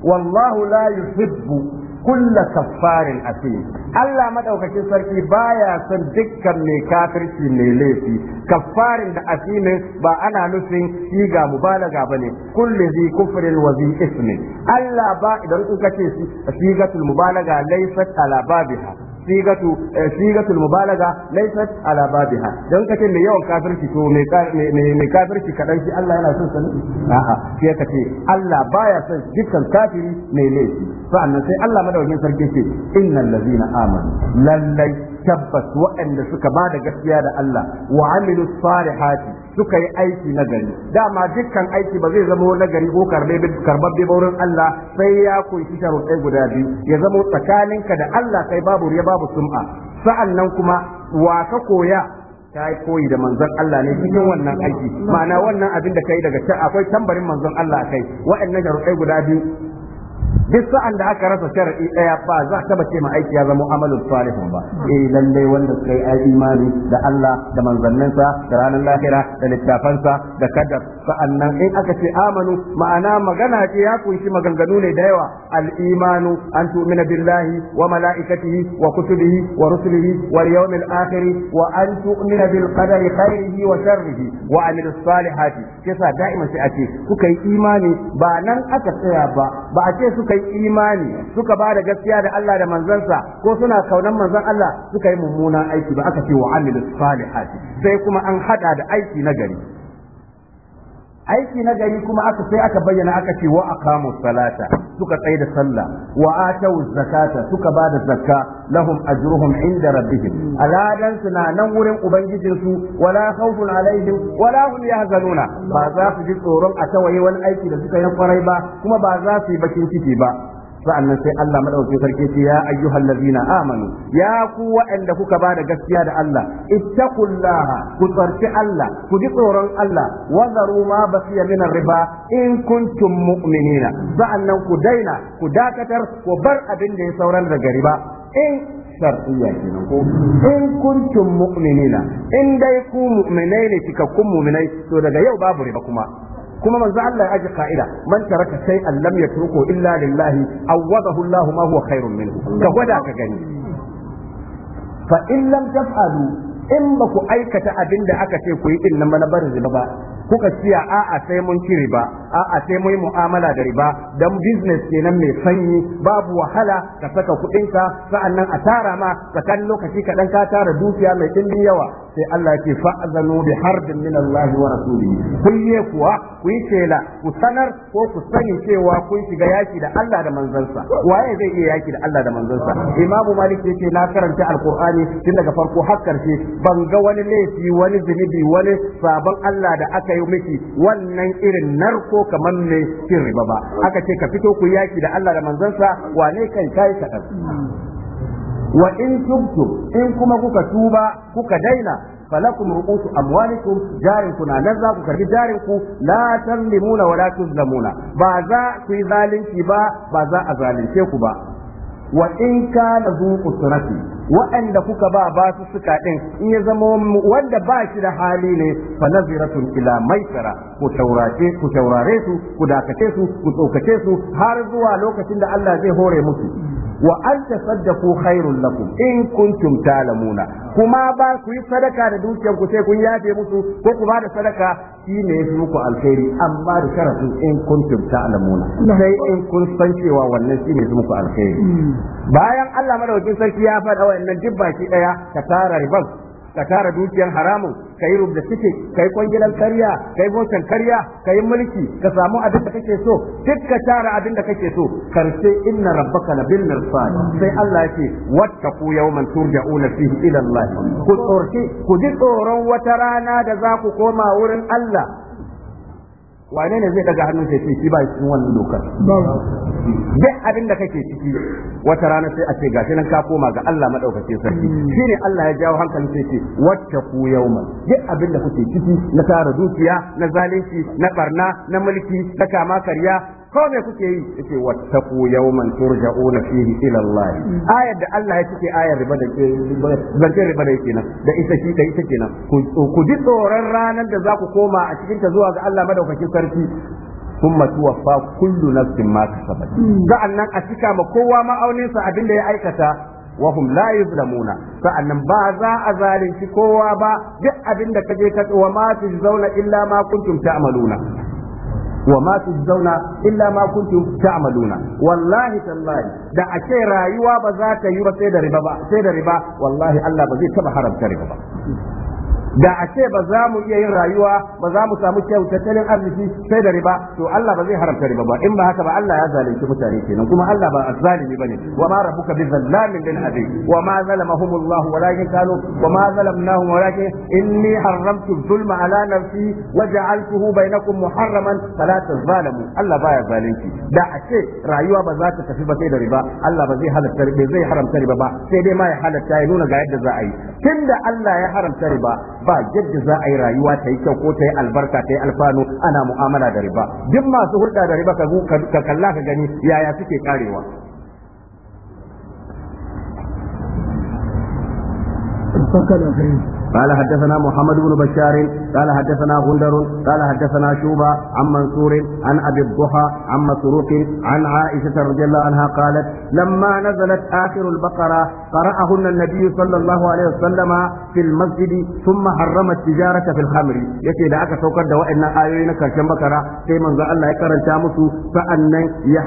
wallahu la yuhibbu kulla kaffarin asim Allah madaukakin sarki baya son dukkan mai kafirci mai laifi kaffarin da asimin ba ana nufin shi ga mubalaga bane kulli zi kufrin wa zi ismin Allah ba idan kuka ce shi sigatul mubalaga laysat ala babiha sigatu eh, sigatul mubalaga laysat ala babiha dan kace mai yawan kafirci to mai mai kafirci kadan shi Allah yana son sani a'a sai kace Allah baya son dukkan kafiri mai laifi sannan sai Allah madaukakin sarki ce innal ladzina amanu lallai tabbas waɗanda suka ba da gaskiya da Allah wa fari salihati suka yi aiki na gari dama dukkan aiki ba zai zama na gari ko karbabbe ba wurin Allah sai ya kunshi sharuɗai guda biyu ya zama tsakaninka da Allah kai babu ya babu sum'a sa'annan kuma wa ka koya ta yi koyi da manzon Allah ne cikin wannan aiki ma'ana wannan abin da kai daga can akwai tambarin manzon Allah kai wa'annan sharuɗai guda biyu duk sa'an da aka rasa shar'i daya ba za ka bace ma aiki ya zama amalul salihun ba eh lalle wanda kai ai imani da Allah da manzanninsa da ranar lahira da littafansa da kadar nan in aka ce amanu ma'ana magana ce ya kunshi maganganu ne da yawa al-imanu an tu'mina billahi wa malaikatihi wa kutubihi wa rusulihi wal yawmil akhir wa an tu'mina bil qadari khairihi wa sharrihi wa amil salihati kisa da'iman sai a ce kuka yi imani ba nan aka tsaya ba ba a ce suka yi wurin imani suka ba da gaskiya da Allah da manzansa ko suna kaunan manzan Allah suka yi mummunan aiki ba aka ce wa amilus salihati sai kuma an hada da aiki na gari aiki na gari kuma aka sai aka bayyana aka ce wa aqamu salata suka tsaye da sallah wa atau zakata suka ba da zakka lahum ajruhum inda rabbihim aladan suna nan wurin ubangijin su wala khawfun alaihim wala hum yahzanuna ba za su ji tsoron a tawaye wani aiki da suka yi kwarai ba kuma ba za su yi bakin ciki ba sa'annan sai Allah madaukakin sarki ce ya ayyuhal ladina amanu ya ku waɗanda kuka ba da gaskiya da Allah ittaqullaha ku tsarki Allah ku ji tsoron Allah wa zaru ma basiya min riba in kuntum mu'minina sa'annan ku daina ku dakatar ku bar abin da ya sauran daga riba in shar'iyya kenan ko in kuntum mu'minina in dai ku mu'minai ne cikakkun mu'minai to daga yau babu riba kuma kuma manzo Allah ya aje ka'ida man taraka shay'an lam yatruku illa lillahi awadahu Allah ma huwa khairun minhu ka gwada ka gani fa in lam taf'alu in ba ku aikata abin da aka ce ku yi din nan na barin riba ba kuka a a'a sai mun ci riba a'a sai mun mu'amala da riba dan business kenan mai sanyi babu wahala ka saka kuɗinka ka sa'annan a tara ma tsakan lokaci kaɗan ka tara dukiya mai ɗimbin yawa sai Allah yake fa'zanu bi harbin min Allah wa rasulihi kun yi kuwa ku yi la ku sanar ko ku sani cewa kun shiga yaki da Allah da manzansa waye zai iya yaki da Allah da manzansa Imam Malik yace na karanta Alqur'ani tun daga farko har karshe ban ga wani laifi wani zunubi wani sabon Allah da aka yi miki wannan irin narko kamar ne cin riba ba aka ce ka fito ku yaki da Allah da manzansa wane kai kai ka wa in tubtum in kuma kuka tuba kuka daina falakum ru'usu amwalikum jarin kuna na nan za ku karbi jarin ku la tanlimuna wala tuzlamuna ba za ku yi zalunci ba ba za a zalunce ku ba wa in kana zu usrati wa'anda kuka ba ba su suka din in ya zama wanda ba shi da hali ne fa naziratun ila maisara ku taurace ku taurare su ku dakace su ku tsokace su har zuwa lokacin da Allah zai hore musu wa an tasaddaqu khairul lakum in kuntum ta'lamuna kuma ba ku yi sadaka da dukiyar ku sai kun yafe musu ko ku ba da sadaka shi ne ya muku alkhairi amma da sharafin in kuntum ta'lamuna sai in kun san cewa wannan shi ne ya muku alkhairi hmm. bayan Allah madaukakin sarki ya faɗa wa'annan duk baki daya ka tara riban ka tara dukiyar haramun ka yi rubda suke ka yi kwangilan karya ka yi bocan karya ka yi mulki ka samu abin da kake so duk ka tara abin da kake so karshe inna rabbaka bil mirsad sai Allah yake wattaqu yawman turja'una fihi ila Allah ku tsorki ku ji tsoron wata rana da za ku koma wurin Allah wane ne zai daga hannun sai shi ba cikin wannan dokar duk abin da kake ciki wata rana sai a ce gashi nan ka koma ga Allah madaukakin sarki ne Allah ya jawo hankali sai ce wacce ku yauma duk abin da kuke ciki na tara dukiya na zalunci na barna na mulki na kama karya ko me kuke yi yace wattaqu yawman turja'una fihi ila Allah ayar da Allah ya cike ayar riba da ke riba da yake nan da ita shi da ita kenan ku ji tsoron ranar da za ku koma a cikin ta zuwa ga Allah madaukakin sarki fa kullu nafsin ma ما Sa'an nan a cika ma kowa ma'aunin sa abin da ya aikata wa hum la yuzlamuna sa'annan ba za a zalunci kowa ba duk abin da kaje ka tsowa ma tujzauna illa ma kuntum ta'maluna وما تجزون الا ما ta تعملون والله تالله da a ce rayuwa ba za ka yi ba sai da riba ba sai wallahi Allah ba zai taba haramta riba ba da a ce ba za mu iya yin rayuwa ba za mu samu kyau tattalin arziki sai da riba to Allah ba zai haramta riba ba in ba haka ba Allah ya zalunci mutane kenan kuma Allah ba azzalimi bane wa ma rabbuka bi zallamin lil abid wa ma zalamahum walakin kanu wa ma zalamnahum walakin inni haramtu zulma ala nafsi wa ja'altuhu bainakum muharraman fala tazalamu Allah baya zalunci da a ce rayuwa ba za ta tafi ba sai da riba Allah ba zai halatta riba zai haramta riba ba sai dai ma ya halatta ya nuna ga yadda za a yi tunda Allah ya haramta riba ba yadda za a yi rayuwa ta yi kyau ko ta yi albarka ta yi alfanu ana mu'amala da riba duk masu hulɗa da riba ka kalla ka gani yaya suke karewa Thank قال حدثنا محمد بن بشار قال حدثنا غندر قال حدثنا شوبة عن منصور عن أبي الضحى عن مسروق عن عائشة رضي الله عنها قالت لما نزلت آخر البقرة قرأهن النبي صلى الله عليه وسلم في المسجد ثم حرم التجارة في الخمر يتي da aka saukar da wa'annan ayoyi na karshen bakara sai manzo Allah ya karanta musu sa'annan ya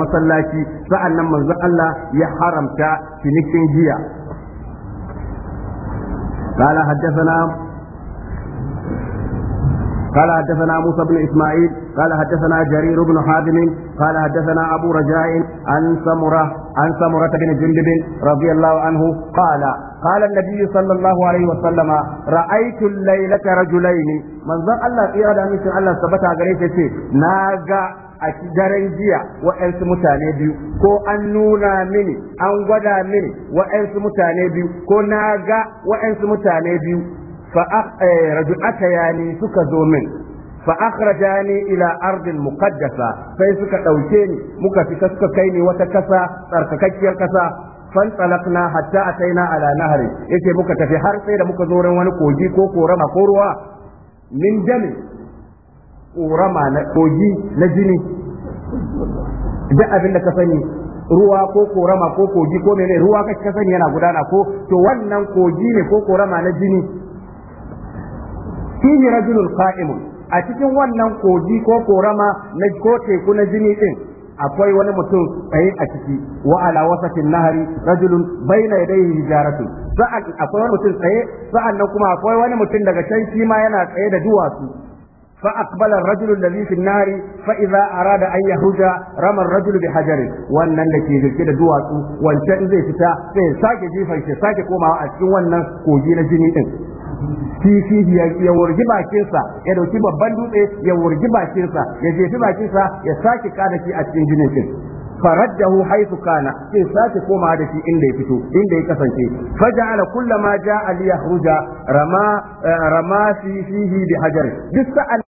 masallaci sa'annan manzo Allah ya haramta cinikin giya قال حدثنا قال حدثنا موسى بن اسماعيل قال حدثنا جرير بن حازم قال حدثنا ابو رجاء عن سمره عن سمره بن جندب رضي الله عنه قال قال النبي صلى الله عليه وسلم رايت الليله رجلين من ذا الله يرى ان الله ثبت عليه ناجا a daren jiya wa'yansu mutane biyu ko an nuna mini an gwada mini wa'yansu mutane biyu ko na ga wa'yansu mutane biyu fa eh, ni suka zo min fa ila ardin muqaddasa sai suka ɗauke ni muka fita suka kai ni wata kasa tsarkakakkiyar kasa na hatta ataina ala nahri yace muka tafi har sai da muka zo wani kogi ko korama ko ruwa min jami ƙorama na kogi na jini duk abin da ka sani ruwa ko korama ko kogi ko mene ruwa kashi ka yana gudana ko to wannan kogi ne ko korama na jini fihi rajulul qa'imun a cikin wannan kogi ko korama na ko teku na jini din akwai wani mutum tsaye a ciki wa ala wasatin nahari rajulun baina yadayhi hijaratu sa'an akwai wani mutum tsaye sa'an nan kuma akwai wani mutum daga can shi ma yana tsaye da duwatsu فأقبل الرجل الذي في النار فإذا أراد أن يخرج رمى الرجل بحجر wannan da ke da duwatsu wancan zai fita sai sake jifan shi sake komawa a cikin wannan kogi na jini din kifi ya wurgi bakinsa ya dauki babban dutse ya wurgi bakinsa ya jefi bakinsa ya sake kada shi a cikin jinin shi فرده حيث كان في ساك كوما ya fito, إن يفتو ya kasance. فجعل كل ما جاء ليخرج رما رما في فيه duk بس